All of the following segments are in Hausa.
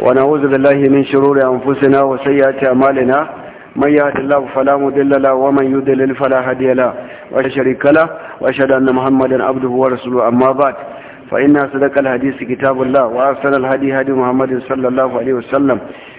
ونعوذ بالله من شرور أنفسنا وسيئات أعمالنا من يهد الله فلا مضل له ومن يضلل فلا هادي له ولا شريك له وأشهد أن محمدا عبده ورسوله أما بعد فإن أصدق الحديث كتاب الله وأحسن الهدي هدي محمد صلى الله عليه وسلم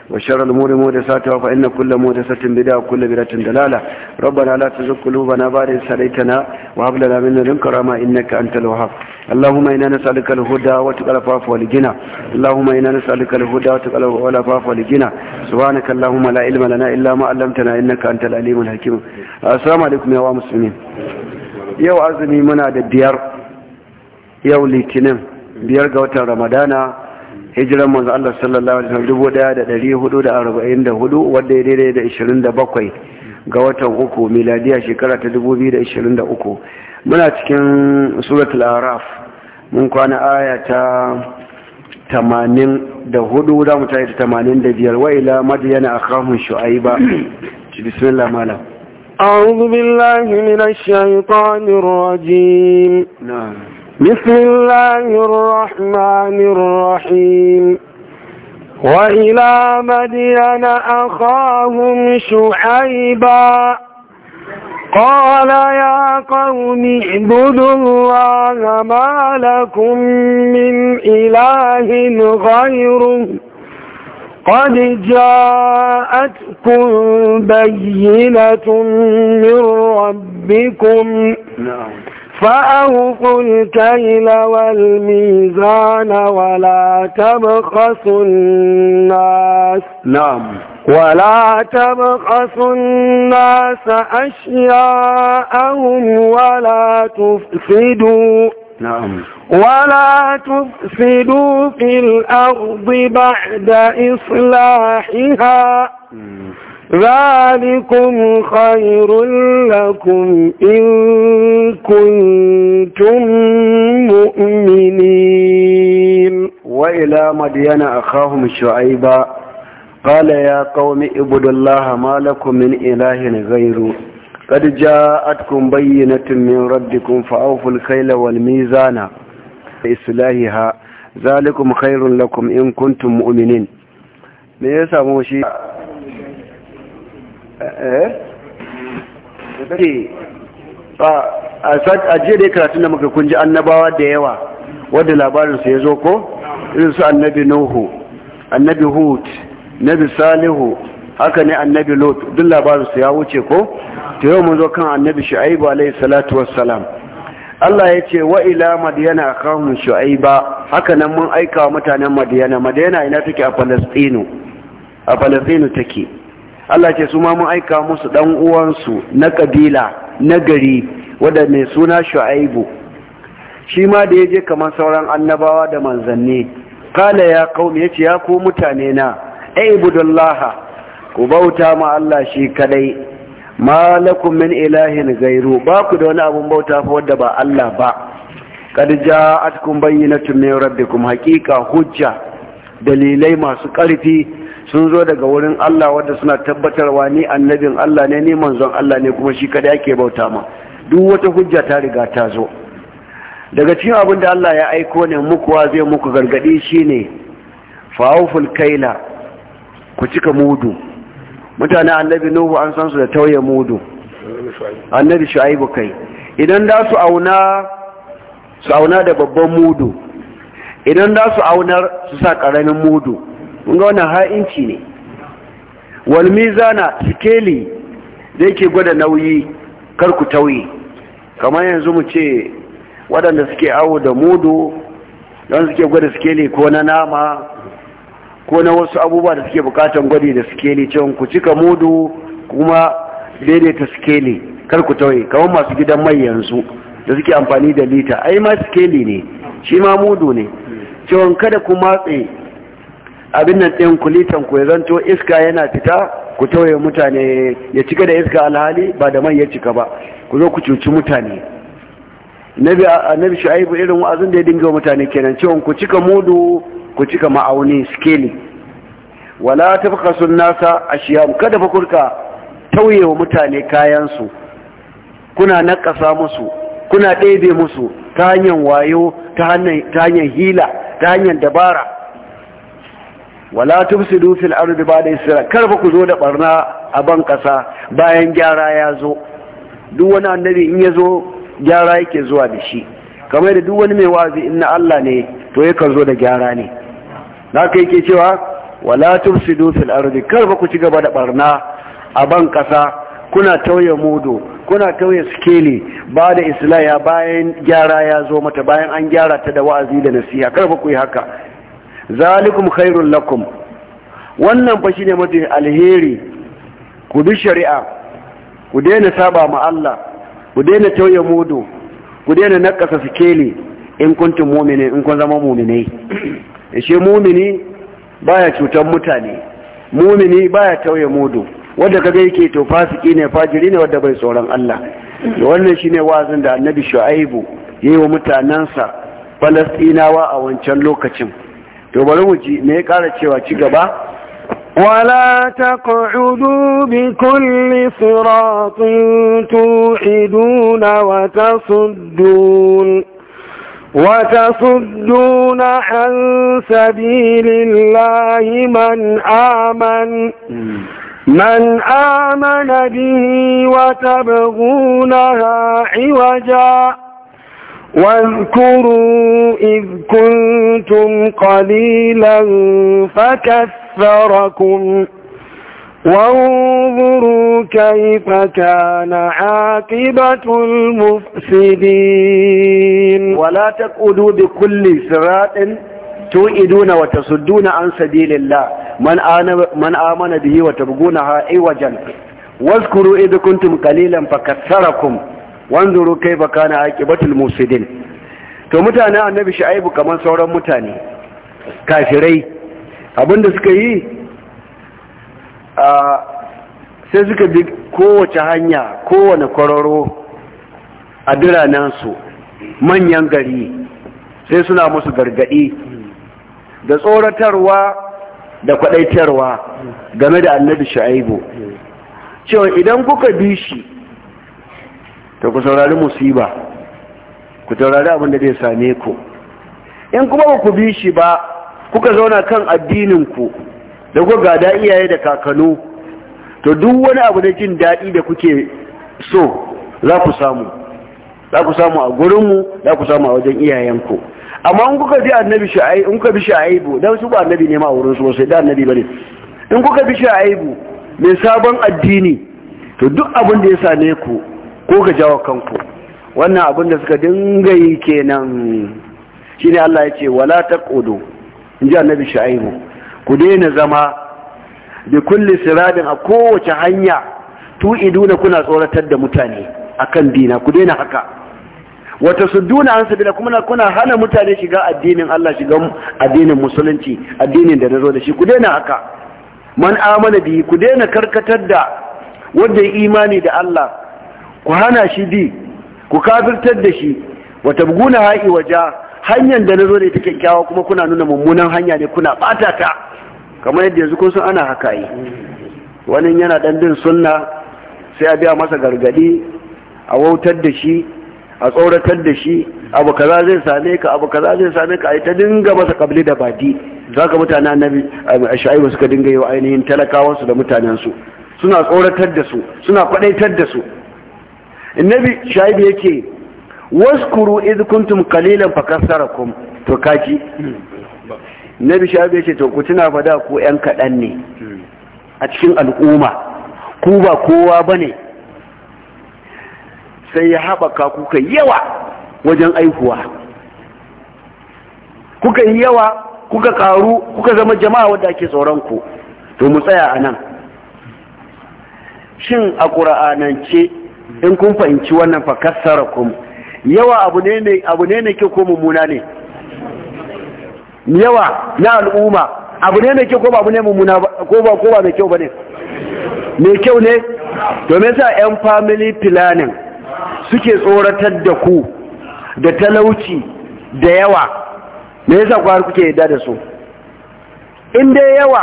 وشر الأمور مودساتها فإن كل مودسة بدعة وكل بدعة دلالة ربنا لا تزغ قلوبنا بعد إذ هديتنا وهب لنا من لدنك رحمة إنك أنت الوهاب اللهم إنا نسألك الهدى وتقى العفاف والغنى اللهم إنا نسألك الهدى وتقى العفاف والغنى سبحانك اللهم لا علم لنا إلا ما علمتنا إنك أنت العليم الحكيم السلام عليكم يا مسلمين yau azumi muna da biyar yau litinin biyar ga watan ramadana hijiran manzo Allah sallallahu alaihi wasallam dubu daya da dari hudu da arba'in da hudu wanda ya daidai da ishirin da bakwai ga watan uku miladiya shekara ta dubu biyu da ishirin da uku muna cikin suratul araf mun kwana aya ta tamanin da hudu za mu tayi ta tamanin da biyar wa ila madiyana akhahum shu'aiba bismillah malam أعوذ بالله من الشيطان الرجيم نعم بسم الله الرحمن الرحيم وإلى مدين أخاهم شعيبا قال يا قوم اعبدوا الله ما لكم من إله غيره قد جاءتكم بينة من ربكم نعم فأوفوا الكيل والميزان ولا تبخسوا الناس نعم ولا تبخسوا الناس أشياءهم ولا تفسدوا نعم ولا تفسدوا في الأرض بعد إصلاحها ذلكم خير لكم إن كنتم مؤمنين وإلى مدين أخاهم شعيبا قال يا قوم اعبدوا الله ما لكم من إله غيره قد جاءتكم بينة من ربكم فأوفوا الكيل والميزان إصلاحها ذلكم خير لكم إن كنتم مؤمنين me ya samu shi Eh? a jiya da ya karatu da muka kunji annabawa da yawa wadda labarinsu ya zo ko irin su annabi nuhu annabi hud nabi salihu haka ne annabi lot duk labarinsu ya wuce ko ta yau mun zo kan annabi shu'aibu alaihi salatu wassalam Allah ya ce wa ila madiyana akahum shu'aiba haka nan mun aika wa mutanen madiyana madiyana ina take a falastinu a falastinu take Allah ce su ma mun aika musu dan uwansu na kabila na gari suna Shu'aibu shi ma da je kamar sauran annabawa da manzanni kala ya qaumi yace ya ku mutane na aibudullaha ku bauta ma Allah shi kadai ma lakum min ilahin gairu ba ku da wani abun bauta fa wanda ba Allah ba kad ja'atkum bayyinatun min rabbikum haqiqa hujja dalilai masu ƙarfi sun zo daga wurin Allah wanda suna tabbatarwa ni annabin Allah ne ni manzon Allah ne kuma shi kada yake bauta ma duk wata hujja ta riga ta zo daga cikin abin da Allah ya aiko ne muku wa zai muku gargadi shine fa'uful kaila ku cika mudu Mutane annabi nuhu an san su da tauye mudu annabi shu'aibu kai idan da su auna su auna da babban mudu idan da su aunar su sa karamin mudu ga wannan ha'inci ne wal mizana sikeli da yake gwada nauyi kar ku tauye kamar yanzu mu ce waɗanda suke awo da mudu don suke gwada sikeli ko na nama ko na wasu abubuwa da suke bukatan gwadi da sikeli cewa ku cika mudu kuma daidaita sikeli kar ku tauye kamar masu gidan mai yanzu da suke amfani da lita ai ma sikeli ne shi ma mudu ne cewa kada ku matse abin nan ɗin kulitan ku ya zanto iska yana fita ku tauye mutane ya cika da iska alhali ba da man ya cika ba ku zo ku cuci mutane nabi shu'aibu irin wa'azin da ya dinga mutane kenan cewa ku cika mudu ku cika ma'auni skeli wala tafkasu nasa ashiyam kada fa kurka tauye wa mutane kayansu kuna nakasa musu kuna ɗebe musu ta hanyar wayo ta hanyar hila ta hanyar dabara wala tufsidu fil ardi ba'da isra kar ba ku zo da barna a ban kasa bayan gyara ya zo duk wani annabi in ya zo gyara yake zuwa da shi kamar da duk wani mai wazi inna Allah ne to yakan zo da gyara ne haka yake cewa wala tufsidu fil ardi kar ba ku ci gaba da barna a ban kasa kuna tauye mudu kuna tauye skele ba da islaya bayan gyara ya zo mata bayan an gyara ta da wa'azi da nasiha kar ba ku yi haka zalikum khairul lakum wannan fa shine mafi alheri ku bi shari'a ku daina saba ma Allah ku daina tauye mudu ku daina nakasa sikeli in kuntum mu'minin in kun zama mu'minai shi mu'mini baya cutar mutane mu'mini baya tauye mudu wanda kaga yake to fasiki ne fajiri ne wanda bai tsoron Allah wannan shine wazin da Annabi Shu'aibu yayi wa mutanansa Falastinawa a wancan lokacin to bari mu ji me ya kara cewa ci gaba wala ta ku'udu bi kulli siratin tu'iduna wa tasuddun وتصدون عن سبيل الله من آمن من آمن به وتبغونها عوجا واذكروا إذ كنتم قليلا فكثركم وانظروا كيف كان عاقبة المفسدين ولا تقعدوا بكل صراط توئدون وتصدون عن سبيل الله من, من آمن به وتبقونها عوجا واذكروا إذ كنتم قليلا فكثركم wanzuru kaifa kana aqibatul musidin to mutane annabi shu'aibu kamar sauran mutane kafirai abinda suka yi sai suka bi kowace hanya kowane kwararo a biranensu manyan gari sai suna musu gargadi da tsoratarwa da kwadaitarwa game da annabi shu'aibu cewa idan kuka bi shi to ku saurari musiba ku taurari abin da zai same ku in kuma ba ku bi shi ba kuka zauna kan addininku da ku gada iyaye da kakanu to duk wani abu na jin daɗi da kuke so za ku samu za ku samu a gurinmu za ku samu a wajen iyayenku amma in kuka bi annabi ai in kuka bi sha'aibu dan su ba annabi ne ma wurin su sai da annabi bane in kuka bi shi aibu mai sabon addini to duk abin da ya same ku ko ga jawo kanku wannan abin da suka dinga yi kenan shine Allah ya ce wala taqudu in ji annabi shu'aibu ku daina zama bi kulli siradin a kowace hanya tu'iduna kuna tsoratar da mutane akan dina ku daina haka wata suduna an sabila kuma kuna hana mutane shiga addinin Allah shiga addinin musulunci addinin da na zo da shi ku daina haka man amana bi ku daina karkatar da wanda imani da Allah ku hana shi bi ku kafirtar da shi wa tabguna ha'i waja hanyar da na zo ne ta kyakkyawa kuma kuna nuna mummunan hanya ne kuna bata ta kamar yadda yanzu kun ana haka yi wani yana dan bin sunna sai a biya masa gargadi a wautar da shi a tsoratar da shi abu kaza zai same ka abu kaza zai same ka A yi ta dinga masa kabli da badi ka mutane annabi shaibu suka dinga yi wa ainihin talakawansu da mutanensu suna tsoratar da su suna kwadaitar da su annabi shaib yake waskuru id kuntum qalilan fakassarakum to kaji nabi shaib yake to ku tuna fada ku yan kadan ne a cikin al'umma ku ba kowa bane sai ya haɓaka kuka yawa wajen aihuwa kuka yi yawa kuka karu kuka zama jama'a wadda ake tsoron ku to mu tsaya anan shin a ƙura'anance in kun fahimci wannan fa kassarakum yawa abu ne ne abu ne ne ke ko mummuna ne yawa na al'umma abu ne ne ke ko ba abu ne mummuna ko ba ko ba mai kyau bane mai kyau ne domin sa yan family planning suke tsoratar da ku da talauci da yawa me yasa ku har kuke yadda da su in dai yawa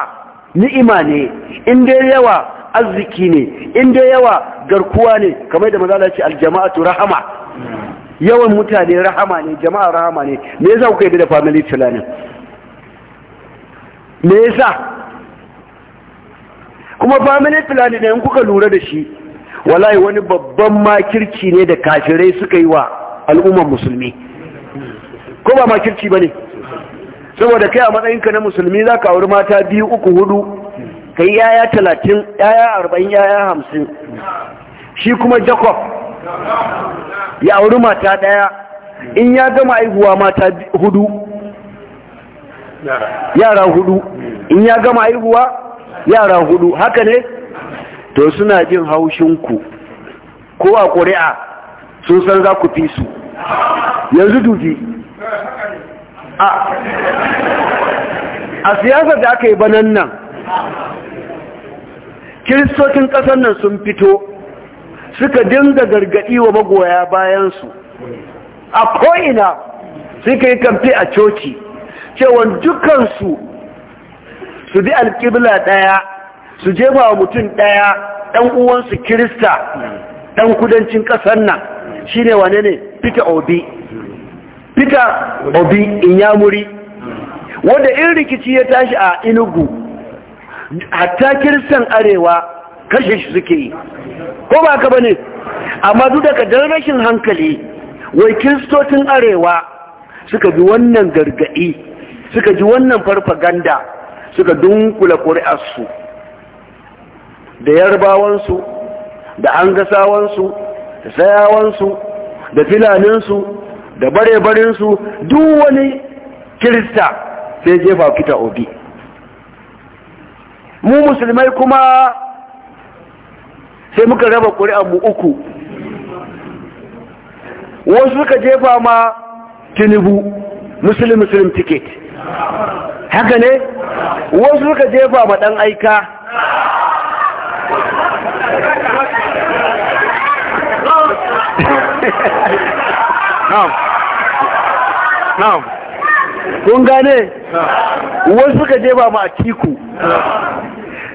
ni'ima ne in dai yawa arziki ne in dai yawa garkuwa ne kamar da mazala ce aljama'atu rahama yawan mutane rahama ne jama'a rahama ne me yasa kuka yi da family planning me yasa kuma family planning ne in kuka lura da shi wallahi wani babban makirci ne da kafirai suka yi wa al'ummar musulmi ko ba makirci bane saboda kai a matsayinka na musulmi za ka auri mata biyu uku hudu ka yi yaya talatin yaya arba'in yaya hamsin shi kuma jacob ya auri mata ɗaya in ya gama aihuwa mata hudu yara hudu in ya gama aihuwa yara hudu haka ne to suna jin haushinku ko a ƙuri'a sun san za ku fi su yanzu dubi a siyasar da aka yi banan nan kiristocin ƙasar nan sun fito suka dinga gargaɗi wa magoya bayansu a ko'ina suka yi kamfe a coci cewa dukansu su bi alƙibla ɗaya su jeba wa mutum ɗaya ɗan uwansu kirista ɗan kudancin ƙasar nan shi ne wane ne peter obi peter obi inyamuri wanda in rikici ya tashi a inugu hatta kiristan arewa kashe shi suke yi ko ba ka bane amma duk daga dan rashin hankali wai kiristocin arewa suka bi wannan gargadi suka ji wannan farfaganda suka dunkula ƙuri'arsu da yarbawansu da angasawansu da sayawansu da filaninsu da bare-barinsu duk wani kirista sai jefa kita obi mu musulmai kuma sai muka raba ƙuri'an mu uku wasu suka jefa ma tinubu musulun musulun ticket haka ne wasu suka jefa ma ɗan aika kun gane wasu suka jefa ma a kiku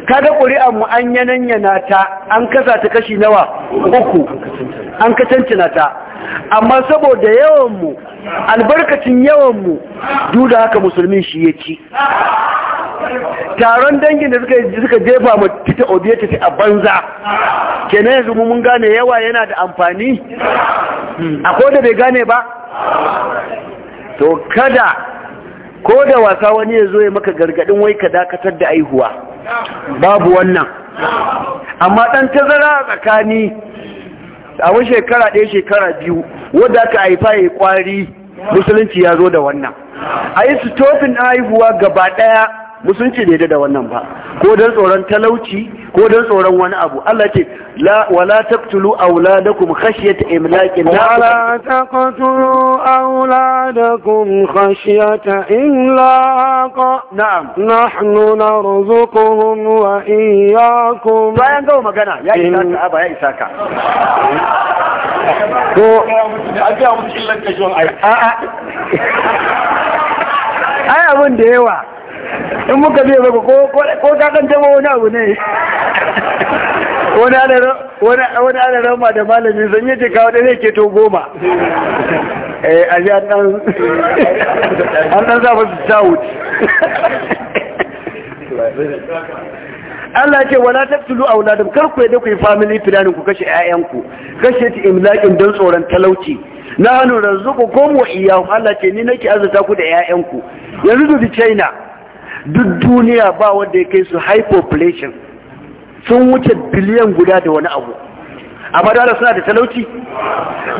kaga ƙuri'an mu an yananyana ta an kasa ta kashi nawa uku an kacancina ta amma saboda yawan mu albarkacin yawan mu duk da haka musulmin shi ya ci taron dangin da suka jefa mu tita odiya a banza kenan yanzu mun gane yawa yana da amfani hmm. ko da bai gane ba to kada ko da wasa wani ya zo ya maka gargadin wai ka dakatar da aihuwa babu wannan amma ɗan tazara a tsakani a wani shekara ɗaya shekara biyu wadda aka haifa ya kwari musulunci ya zo da wannan a yi tofin haihuwa gaba ɗaya musulunci bai da wannan ba ko don tsoron talauci ko don tsoron wani abu Allah ce wala taqtulu auladakum khashyata imlaqin wala taqtulu auladakum khashyata imlaq na'am nahnu narzuquhum wa iyyakum bayan ga magana ya isa ka ba ya isa ka ko a ga mutum illan kashin ai a a ai abun da yawa in muka biya ba ko kakan jama wani abu ne wani ana rama da malami zan yi jika wani ke to goma eh, a ji an ɗan zafi su wuce Allah ce wala tulu a kar karku yadda ku yi family planning ku kashe ƴaƴanku kashe ta imlakin don tsoron talauci na hanu razzuku kum wa iyyahum Allah ce ni nake azata ku da ƴaƴanku yanzu da China duk duniya ba wanda ya kai su high population sun wuce biliyan guda da wani abu amma da suna da talauci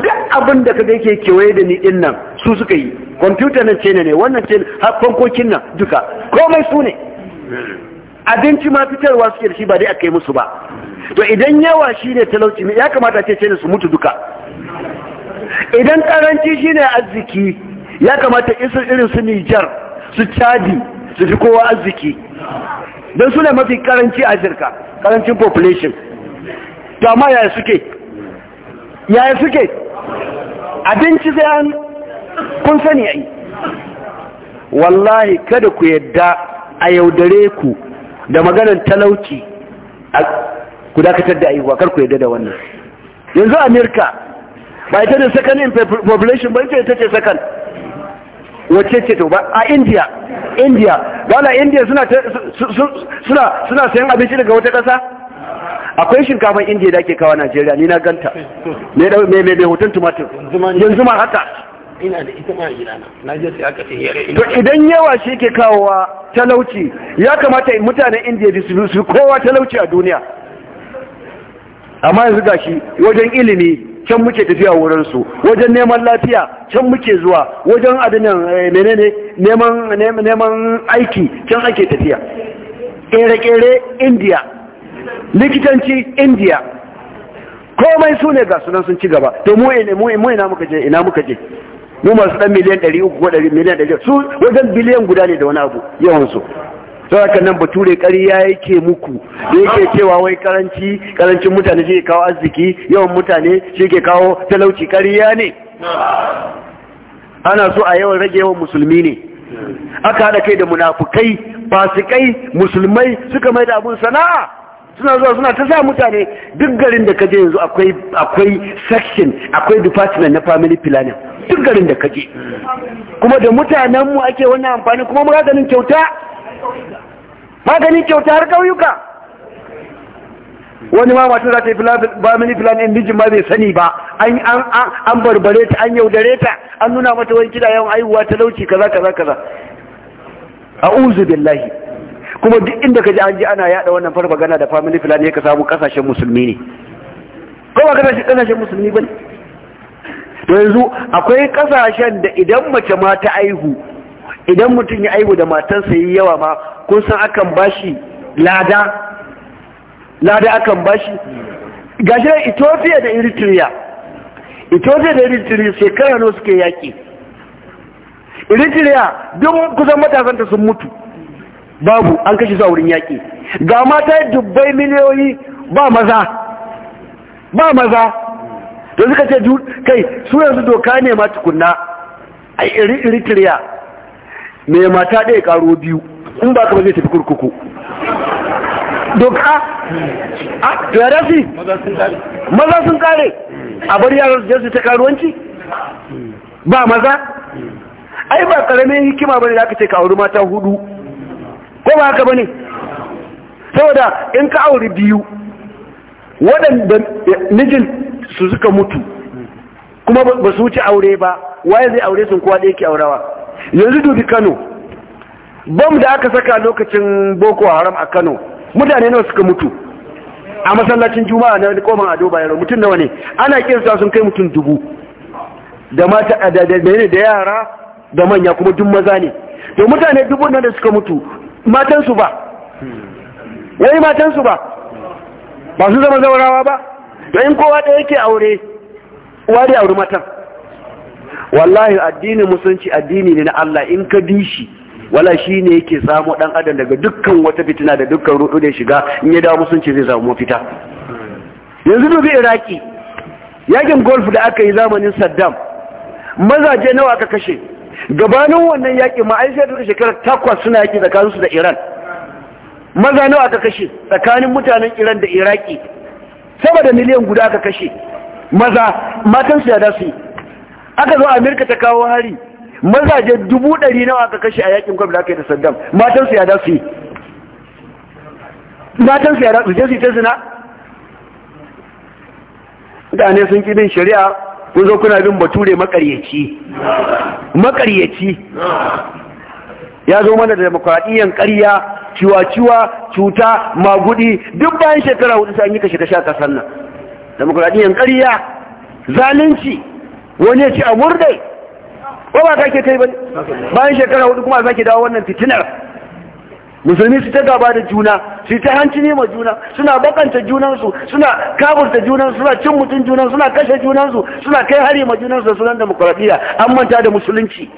duk abin da kaga yake kewaye da ni din nan su suka yi kwamfuta nan ce ne wannan ce har nan duka komai su ne abinci ma fitarwa suke da shi ba dai aka yi musu ba to idan yawa shi ne talauci ya kamata ce ce su mutu duka idan karanci shi ne arziki ya kamata isa irin su nijar su cadi su fi kowa arziki don suna mafi karanci a shirka karancin population to amma yaya suke yaya suke abinci zai an kun sani yi. wallahi kada ku yadda a yaudare ku da maganar talauci a ku dakatar da aihuwa kar ku yadda da wannan yanzu amirka ba ita ne sakanin population ba ita ce sakan. wacce ce to ba a india india dala india suna suna suna sayan abinci daga wata ƙasa akwai shinkafan india da ake kawo najeriya ni na ganta me me me hoton tumatir yanzu ma haka ina da ita ma gidana na je sai aka ce yare to idan yawa shi ke kawowa talauci ya kamata mutanen indiya su kowa talauci a duniya amma yanzu gashi wajen ilimi can muke tafiya wurinsu wajen neman lafiya can muke zuwa wajen adinin eh, menene neman aiki can ake tafiya kere-kere indiya likitanci indiya komai su ne ga sunan sun ci gaba to mu ina muka je ina muka je mu masu dan miliyan 300 ko miliyan 100 su wajen biliyan guda ne da wani abu yawansu saboda nan bature ƙarya yake muku da yake cewa wai karanci karancin mutane shi kawo arziki yawan mutane shi ke kawo talauci ƙarya ne ana so a yawan rage yawan musulmi ne aka haɗa kai da munafukai fasikai musulmai suka mai da abun sana'a suna zuwa suna ta sa mutane duk garin da kaje yanzu akwai section akwai department na family planning duk garin da kaje kuma da mutanenmu ake wannan amfani kuma maganin kyauta magani kyauta har ƙauyuka wani ma mata za ta yi family filan in mijin ma bai sani ba an barbare ta an yaudare ta an nuna mata wani kida yawan ta lauci kaza kaza kaza a uzu billahi kuma duk inda ka ji an ji ana yada wannan farfagana da family filan ya ka samu kasashen musulmi ne ko ba kasashen musulmi ba ne to yanzu akwai kasashen da idan mace ma ta aihu idan mutum ya aibu da matansa yi yawa ma kun san akan bashi lada lada akan bashi gashi Ethiopia da Eritrea Ethiopia da Eritrea shekara nawa suke yaki Eritrea duk kusan matasanta sun mutu babu an kashe zuwa wurin yaki ga mata dubbai miliyoyi ba maza ba maza da suka ce kai su yanzu doka ne ma tukunna a Eritrea mai mata ɗaya ƙaro biyu in ba kama zai tafi kurkuku doka a tuyarasi maza sun kare a bar yaran su ta karuwanci ba maza ai ba karamin hikima bane da aka ce ka auri mata hudu ko ba haka bane saboda in ka auri biyu waɗanda mijin su suka mutu kuma ba su wuce aure ba waye zai aure sun kowa da yake aurawa yanzu dubi kano bom da aka saka lokacin boko haram a kano mutane nawa suka mutu a masallacin juma'a na koman ado bayero mutum nawa ne ana sa sun kai mutum dubu da mata da da yara da manya kuma duk maza ne to mutane dubu nan da suka mutu matansu ba wai matansu ba ba su zama zaurawa ba to in kowa da yake aure wari aure matan wallahi addinin musulunci addini ne na Allah in ka bi shi wala shi ne yake samu dan adam daga dukkan wata fitina da dukkan rudu da shiga in ya dawo musulunci zai samu mafita yanzu dubi iraki yakin golf da aka yi zamanin saddam mazaje nawa aka kashe gabanin wannan yaƙi ma ai sai da shekarar takwas suna yaƙi tsakaninsu da iran maza nawa aka kashe tsakanin mutanen iran da iraki saboda miliyan guda aka kashe maza matan su ya da su aka zo amerika ta kawo hari mazaje dubu ɗari nawa aka kashe a yakin kwamfi da aka yi ta saddam matansu ya da su yi matansu ya da su yi. su ta zina mutane sun ƙi shari'a kun zo kuna bin bature makaryaci makaryaci ya zo mana da demokuraɗiyyar ƙarya ciwa-ciwa cuta magudi duk bayan shekara hudu sai an yi kashe-kashe a ƙasar nan demokuraɗiyyar ƙarya zalunci wani ya ce a murde ba ba kake kai ba bayan shekara hudu kuma sake dawo wannan fitinar musulmi su ta gaba da juna su ta hanci ne ma juna suna bakanta junansu suna kaburta junansu suna cin mutum junansu suna kashe junansu suna kai hari ma junansu da sunan demokradiya an manta da musulunci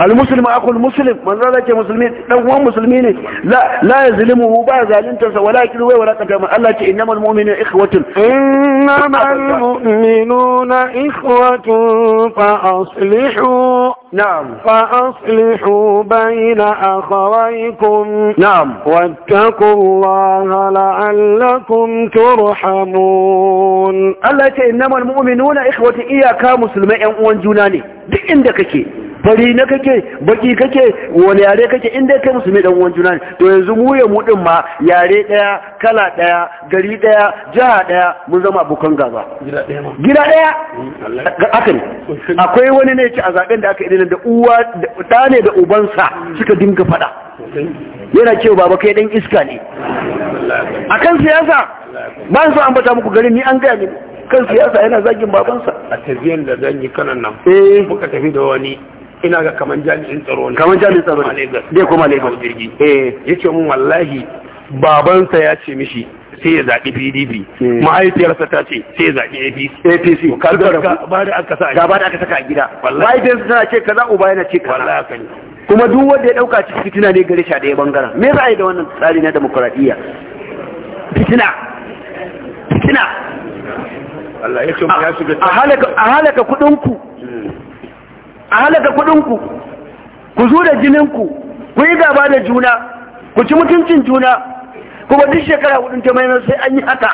المسلم أخو المسلم من ذلك مسلمين لو مسلمين لا لا يظلمه بعد ذلك ولكن هو ولا تجمع الله إنما المؤمنون إخوة إنما المؤمنون إخوة فأصلحوا نعم فأصلحوا بين أخويكم نعم واتقوا الله لعلكم ترحمون الله إنما المؤمنون إخوة إياكا مسلمين وانجوناني دي عندك كي fari na kake baki kake wani yare kake inda kai musulmi dan uwan juna ne to yanzu mu ya mu din ma yare daya kala daya gari daya jiha daya mun zama abokan gaba gida daya aka ne akwai wani ne ci a zaben da aka idan da uwa da ne da ubansa suka dinga fada yana cewa baba kai dan iska ne akan siyasa ba su ambata muku garin ni an gaya ne kan siyasa yana zagin babansa a tafiyan da zan yi kanan nan eh. muka tafi da wani ina ga kaman jami'in tsaro ne kaman jami'in tsaro ne dai kuma Lagos jirgi eh yace mun wallahi babansa ya ce mishi sai ya zaɓi PDP eh. ma'aikiyarsa ta ce sai ya zaɓi APC APC ba da aka sa ga ba da aka saka a gida wallahi mahaifiyarsa tana ce kaza uba yana ce kaza kuma duk wanda ya dauka cikin fitina ne gare shi a ɗaya bangaren me za a yi da wannan tsari na demokradiyya fitina fitina Allah ya ce ya shiga a halaka a ku a halaka kuɗinku ku zo da jininku ku yi gaba da juna ku ci mutuncin juna kuma duk shekara hudun ta mai sai an yi haka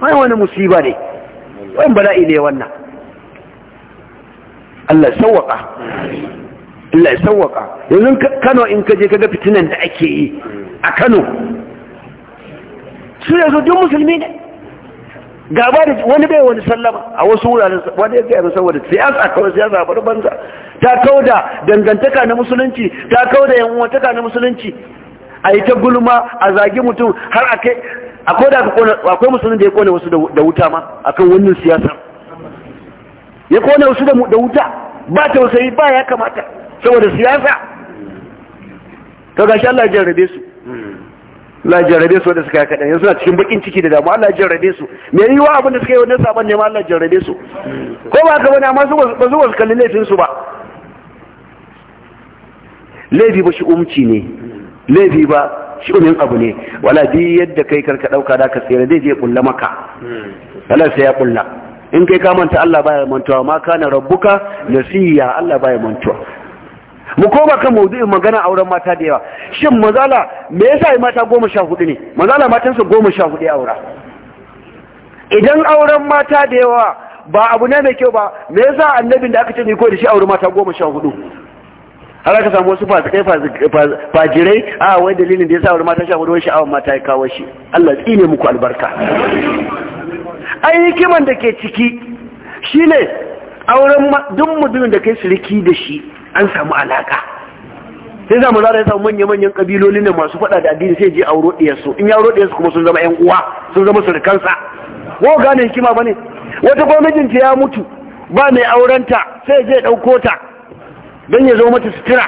mai wani musiba ne wani bala'i ne wannan Allah sawwaka Allah sawwaka yanzu Kano in kaje kaga fitinan da ake yi a Kano su yanzu duk musulmi ne gaba da wani bai wani sallama a wasu wuraren wani ya gaya saboda siyasa kawai siyasa bar banza ta kawo da dangantaka na musulunci ta da yan uwantaka na musulunci a yi ta gulma a zagi mutum har a kai a da akwai musulun da ya kone wasu da wuta ma a kan wannan siyasa ya kone wasu da wuta ba tausayi ba ya kamata saboda siyasa to gashi Allah ya jarrabe su Allah jarrabe su wanda suka kaɗa yanzu suna cikin bakin ciki da damu Allah jarrabe su me yi wa abin da suka yi wannan sabon ne ma Allah jarrabe su ko ba ka bane amma su ba su kalli laifin su ba laifi ba shi umci ne laifi ba shi umin abu ne wala bi yadda kai karka dauka da ka tsere zai je kulla maka Allah sai ya kulla in kai ka manta Allah baya mantuwa ma kana rabbuka nasiya Allah baya mantuwa mu koma kan maudu'in magana auren mata da yawa shin mazala me yasa yi mata goma sha hudu ne mazala matansa goma sha hudu aura idan auren mata da yawa ba abu ne mai kyau ba me yasa annabin da aka ce ni ko da shi auren mata goma sha hudu har aka samu wasu fasikai fajirai a wai dalilin da ya sa mata sha hudu wai sha'awar mata ya kawo shi Allah tsine muku albarka ai hikiman da ke ciki shine auren duk mutumin da kai shiriki da shi an samu alaka sai zamu zara ya samu manya-manyan kabilolin da masu faɗa da addini sai je auro ɗiyarsu in ya auro ɗiyarsu kuma sun zama 'yan uwa sun zama surukansa ko gane hikima ba ne wata mijinta ya mutu ba mai aurenta sai zai ɗauko ta don ya zo mata sutura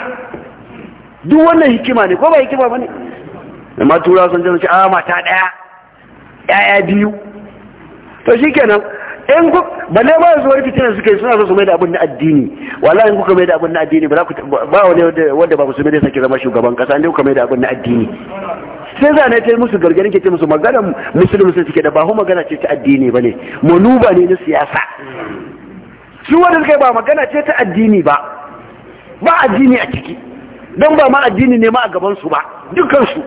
duk wannan hikima ne ko ba hikima ba ne amma turawa sun jana ce a ah, mata ɗaya 'ya'ya biyu to shi kenan in ku balle ba su wani fitina yi suna so su mai da abin na addini wala in kuka mai da abin na addini ba wani wanda ba musulmi da sake zama shugaban kasa in kuka mai da abin na addini sai zane ta musu gargarin ke ce musu magana musulmi sun suke da ba hu magana ce ta addini ba ne manuba ne na siyasa su wanda suka ba magana ce ta addini ba ba addini a ciki don ba ma addini ne ma a gabansu ba dukansu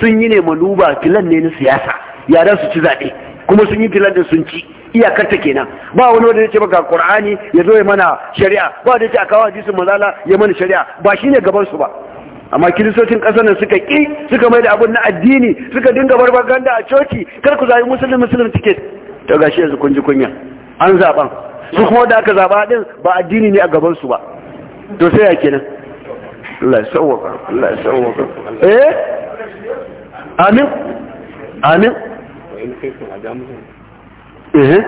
sun yi ne manuba filan ne na siyasa yaran su ci zaɓe kuma sun yi filan da sun ci iyakarta kenan ba wani wanda ya ce maka qur'ani ya zo ya mana shari'a ba wanda ya ce a kawo hadisin manzala ya mana shari'a ba shine gaban su ba amma kiristocin ƙasar nan suka ƙi suka mai da abun na addini suka dinga barbaganda a coci kar ku zaɓi musulmi musulmi tike to gashi yanzu kun ji kunya an zaɓan su kuma da aka zaɓa din ba addini ne a gaban su ba to sai ya kenan Allah ya sauwaka Allah ya sauwaka eh amin amin إيه؟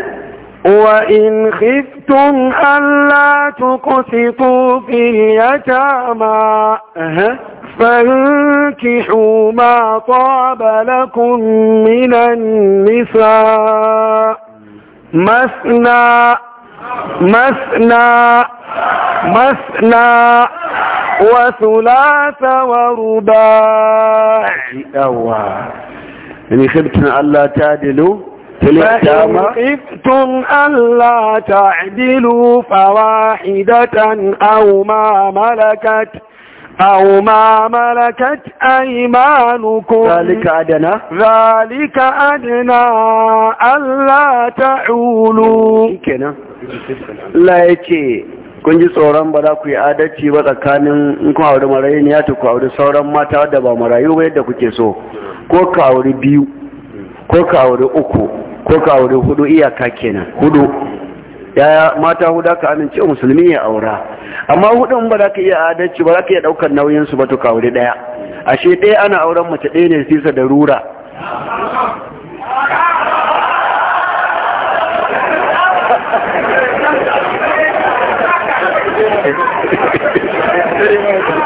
وإن خفتم ألا تقسطوا في اليتامى إيه؟ فانكحوا ما طاب لكم من النساء مثنى مثنى مثنى وثلاث ورباع أوه. إن خفتم ألا تعدلوا فإن خفتم ألا تعدلوا فواحدة أو ما ملكت أو ما ملكت أيمانكم ذلك أدنى ذلك أدنى ألا تعولوا كنا لا يكي kun ji tsoron ba za ku yi adalci ba tsakanin in kuma auri marayu ne ya ta ku auri sauran mata da ba marayu ba yadda kuke so ko ka auri biyu ko ka aure uku ko ka aure hudu iyaka kenan hudu yaya mata huda ka amince musulmi ya aura amma hudun ba za ka iya adalci ba za ka iya daukar nauyin su ba to ka aure daya ashe daya ana auren mace ɗaya ne sisa da rura Thank you.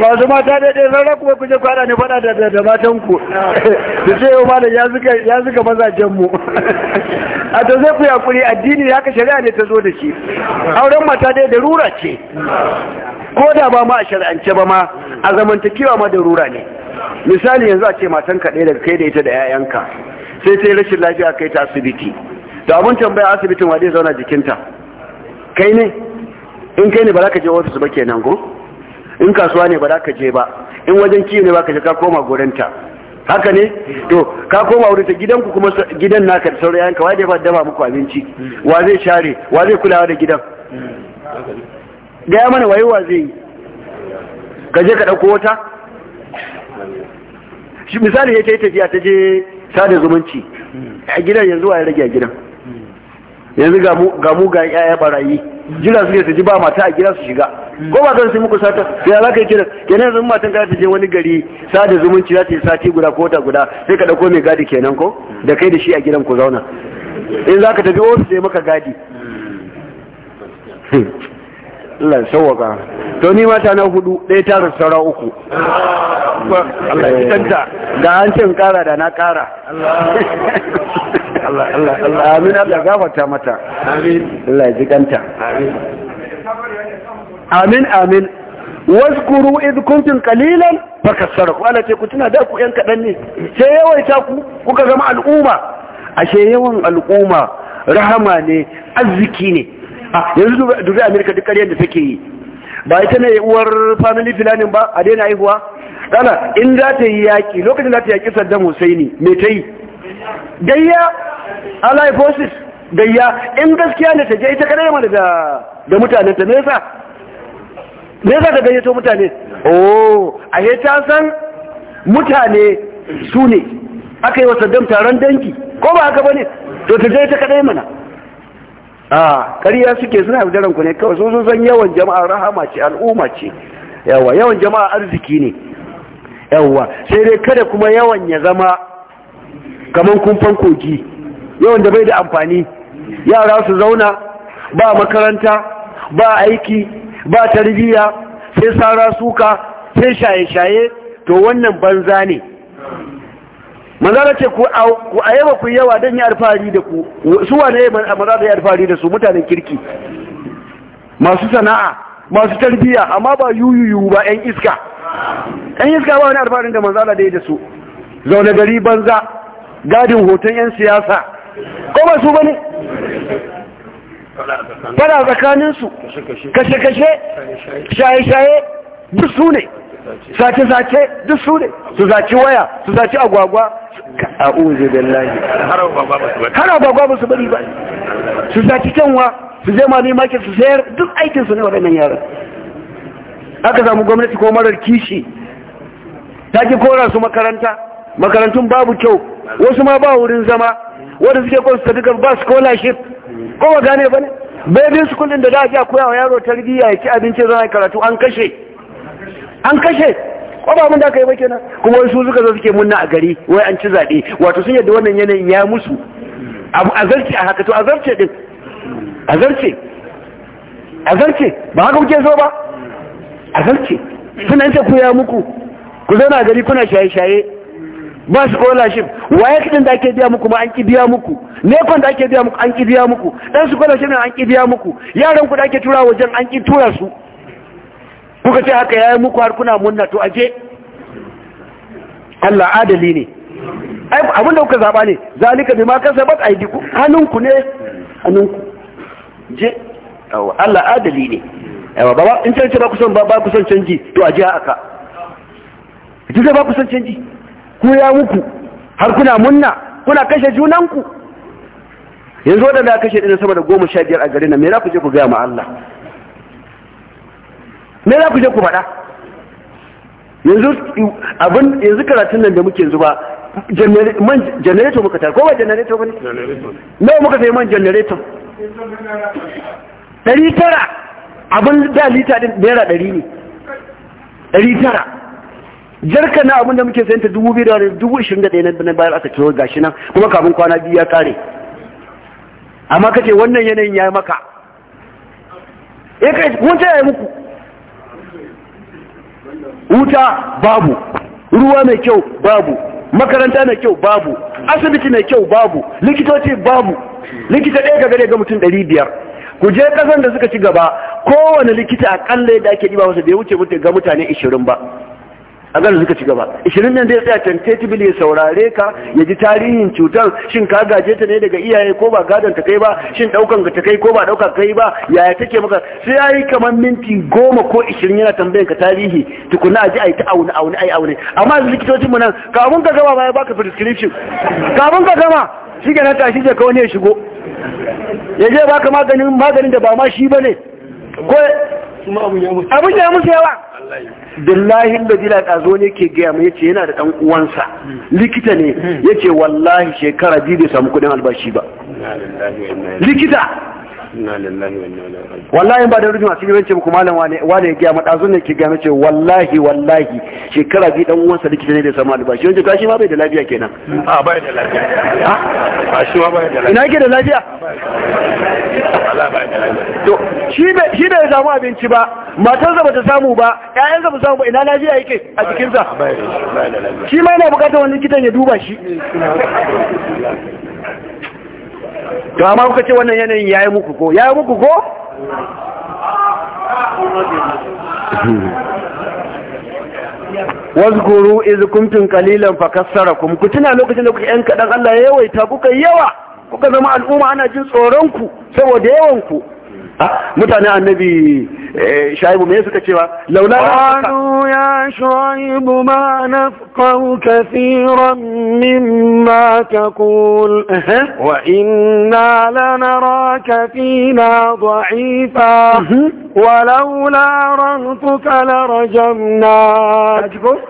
masu mata daidai rana kuma kuje kwana ne fada da matanku da ce yau malam ya zuka mazajenmu a ta zai kuya kuri addini da haka shari'a ne ta zo da shi auren mata dai da rura ce ko da ba ma a shari'ance ba ma a zamantakewa ma da rura ne misali yanzu a ce matan kaɗai daga kai da ita da 'ya'yanka sai sai rashin lafiya kai ta asibiti da abin tambaya asibitin wa zai zauna jikinta kai ne in kai ne ba za ka je ofis ba kenan ko in kasuwa ne ba za ka je ba in wajen kiyo ne ba ka je ka koma gurinta haka ne to ka koma wurin ta gidan ku kuma gidan naka da sauran yanka wa zai ba dafa muku abinci wa zai share wa zai kulawa da gidan gaya mana wayo wa zai ka je ka ɗauko wata misali ya ta yi tafiya ta je sada zumunci a gidan yanzu wa ya rage a gidan yanzu ga mu ga yaya barayi jira suke su ji ba mata a gida su shiga ko ba zan sai muku sata sai ala kai kira kenan yanzu matan ka ta je wani gari sa da zumunci za ta yi sati guda ko ta guda sai ka dauko mai gadi kenan ko da kai da shi a gidan ku zauna in za ka tafi ofis sai maka gadi hmm. Allah sauwaka to ni mata na hudu ɗaya ta rasara uku Allah ya tanta eh, ga an cin kara da na kara Allah Allah Allah Allah amin Allah gafarta mata amin Allah ya kanta amin amin amin waskuru id kuntum qalilan fakassarakum Allah ce ku tuna da ku yan kadan ne ce yawai ta ku kuka zama al'umma ashe yawan al'umma rahama ne arziki ne yanzu dubi amerika duk ƙaryar da take yi ba ita ne uwar family planning ba a daina haihuwa dana in za ta yi yaƙi lokacin za ta yaƙi saddam husaini me ta yi gayya allied forces gayya in gaskiya ne ta je ita kadai mana da da mutanen ta me yasa me yasa ta gayyato mutane oh a he ta san mutane su ne aka yi wa saddam taron dangi, ko ba haka bane to ta je ita kadai mana A'a, karya suke suna da ku ne kawai sun san yawan jama'a rahama ce al'umma ce yawa yawan jama'a arziki ne yawa sai dai kada kuma yawan ya zama kamar kumfan kogi yawan da bai da amfani yara su zauna ba makaranta ba aiki ba tarbiyya sai sara suka sai shaye-shaye to wannan banza ne da ce ku a yawa ku yawa don yi alfahari da ku su ne maza da yi alfahari da su mutanen kirki masu sana'a masu tarbiyya amma ba yuyuyu ba 'yan iska 'yan iska ba wani alfaharin da manzala da yi da su zaune gari banza gadin hoton 'yan siyasa ko ba su ba ne fada tsakaninsu kashe-kashe shaye-shaye duk su ne sace-sace duk su ne su zaci waya su zaci agwagwa a'udhu billahi har agwagwa ba su bari ba su saki kanwa su zai mami market su sayar duk aikin su ne waɗannan yaran aka samu gwamnati ko marar kishi ta ki kora su makaranta makarantun babu kyau wasu ma ba wurin zama wanda suke ta duka ba scholarship ko ba gane ba ne bayan su kullum da za a koya wa yaro tarbiyya ya ci abinci zama karatu an kashe an kashe ko ba mun da kai ba kenan kuma wai su suka zo suke munna a gari wai an ci zabe wato sun yadda wannan yanayin ya musu a zarce a haka to a zarce din a zarce ba haka kuke so ba a zarce suna ku ya muku ku zauna a gari kuna shaye-shaye ba su scholarship waye kudin da ake biya muku ma an ki biya muku kon da ake biya muku an ki biya muku dan scholarship an ki biya muku yaran ku da ake tura wajen an ki tura su kuka ce haka ya yi muku har kuna munna to aje Allah adali ne ai abin da kuka zaba ne zalika bima kasabat aydiku hannunku ne hannunku je Allah adali ne yawa ba in ce ba ku son ba ku son canji to aje haka duk da ba ku son canji ku ya muku har kuna munna kuna kashe junanku yanzu waɗanda kashe ɗin sama da goma sha biyar a gare nan me za ku je ku gaya ma Allah me za ku je ku faɗa yanzu abin yanzu karatun nan da muke zuba man janareto muka tare ko ba janareto ba ne? nawa muka sai man janareto ɗari tara abin da lita din naira ɗari ne ɗari tara jarka na abin da muke sayanta dubu biyu da wani dubu ishirin da ɗaya na bayar aka ciro gashi nan kuma kafin kwana biyu ya kare amma kace wannan yanayin ya maka eh, ya kai kun ta yi muku wuta babu ruwa mai kyau babu makaranta mai kyau babu asibiti mai kyau babu likitoci babu likita ɗaya gagare ga mutum ɗari biyar ku je ƙasar da suka ci gaba kowane likita a ƙalla yadda ake ɗiba masa bai wuce ga mutane ishirin ba a ganin suka ci gaba 20 nan zai tsaya tentatively ya saurare ka ya ji tarihin cutar shin ka gaje ta ne daga iyaye ko ba gadon ta kai ba shin daukan ka ta kai ko ba dauka kai ba yaya take maka sai yayi kamar minti goma ko 20 yana tambayan ka tarihi tukuna aji ai ta auni auni ai auni amma likitocin mu nan kafin ka gama ba ya baka prescription kafin ka gama shi ke na tashi je ka wani ya shigo ya je baka maganin maganin da ba ma shi bane ko abin ya musu yawa billahi da jila ɗazo ne ke gaya mai yace yana da ɗan uwansa likita ne hmm. yace wallahi shekara biyu bai samu kuɗin albashi ba likita inna lillahi wa inna ilaihi raji'un wallahi ba da rubi masu gibanci muku malam wane wane ya gaya madazu ne ke gaya ce wallahi wallahi shekara biyu dan uwansa likita ne da sama albashi wanda kashi ma bai da lafiya kenan a bai da lafiya a shi ma bai da lafiya ina yake da lafiya to shi ne shi da ya samu abinci ba matarsa ba ta samu ba ƴaƴansa ba samu ba ina lafiya yake a jikinsa shi ma yana bukatar wani likitan ya duba shi to amma kuka ce wannan yanayin ya yi muku ko ya yi muku ko wazguru iz kuntum qalilan fakassarakum ku tuna lokacin da kuke yan kaɗan Allah ya yawaita kuka yawa kuka zama al'umma ana jin tsoron ku saboda yawan ku mutane annabi shaibu me suka cewa laula ya shaibu ma nafqahu kathiran mimma taqul wa inna lanaraka fina dha'ifa wa laula ولولا رهطك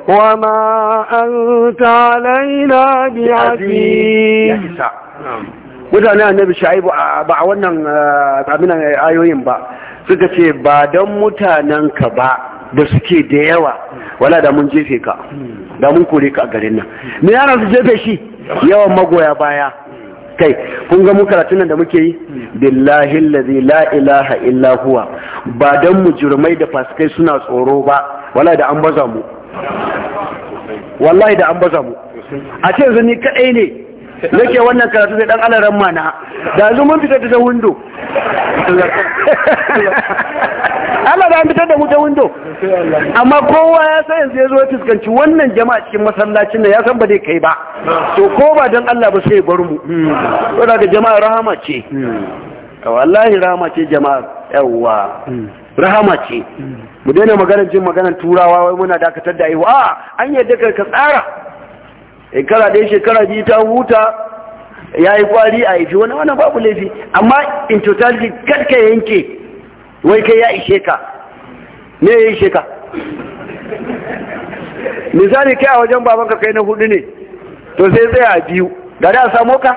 wa ma anta علينا بعزيز mutane annabi shaibu ba a wannan abin ayoyin ba suka ce ba don mutanen ka ba da suke da yawa wala da mun jefe ka da mun kore ka a garin nan me yana su jefe shi yawan magoya baya kai kun ga mu karatun nan da muke yi billahi allazi la ilaha illa huwa ba don mujrimai da fasikai suna tsoro ba wala da an baza mu wallahi da an baza mu a ce yanzu ni kadai ne nake wannan karatu sai dan alaran mana da yanzu mun fitar da ta window Allah da an fitar da mu ta window amma kowa ya san yanzu ya zo ya fuskanci wannan jama'a cikin masallacin ne ya san ba zai kai ba to ko ba dan Allah ba sai bar mu to daga jama'a rahama ce wallahi rahama ce jama'a yawa rahama ce mu daina maganar jin maganar turawa wai muna dakatar da aiwa a an yadda ka tsara shekara ɗaya shekara biyu ta huta ya yi kwari a ifi wani wani babu laifi amma in totality ka yanke wai kai ya ishe ka ne ya ishe ka misali kai a wajen babanka kai na hudu ne to sai a biyu gada a samo ka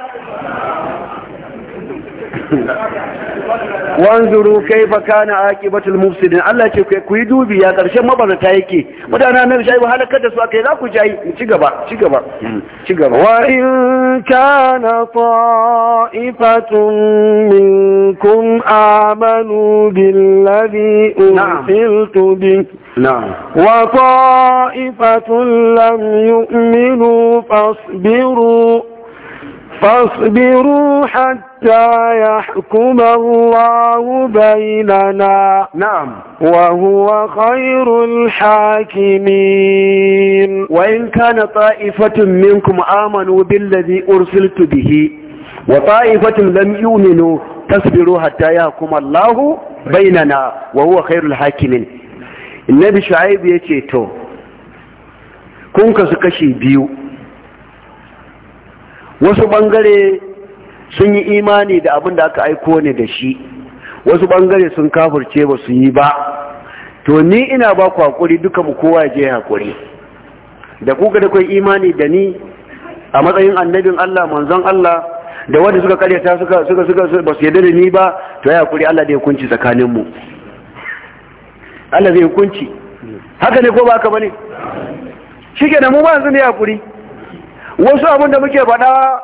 wanzuru kaifa kana aqibatul mufsidin Allah ce ku yi dubi ya karshen mabarata yake mutana nan shayi halakar da su akai za ku shayi. ci gaba ci gaba ci gaba wa in kana ta'ifatun minkum amanu billadhi ursiltu bi wa ta'ifatun lam yu'minu fasbiru فاصبروا حتى يحكم الله بيننا نعم وهو خير الحاكمين وإن كان طائفة منكم آمنوا بالذي أرسلت به وطائفة لم يؤمنوا تصبروا حتى يحكم الله بيننا وهو خير الحاكمين النبي شعيب يتيتو كنك سكشي بيو wasu bangare sun yi imani da abin da aka aiko ne da shi wasu bangare sun kafurce ba su yi ba to ni ina ba ku hakuri duka mu kowa ya je hakuri da kuka da kai imani da ni a matsayin annabin Allah manzon Allah da wanda suka karyata suka suka suka ba su yarda da ni ba to ya hakuri Allah da ya kunci tsakanin mu Allah zai kunci. haka ne ko ba haka bane shike da mu ba yanzu ne hakuri wasu abin da muke faɗa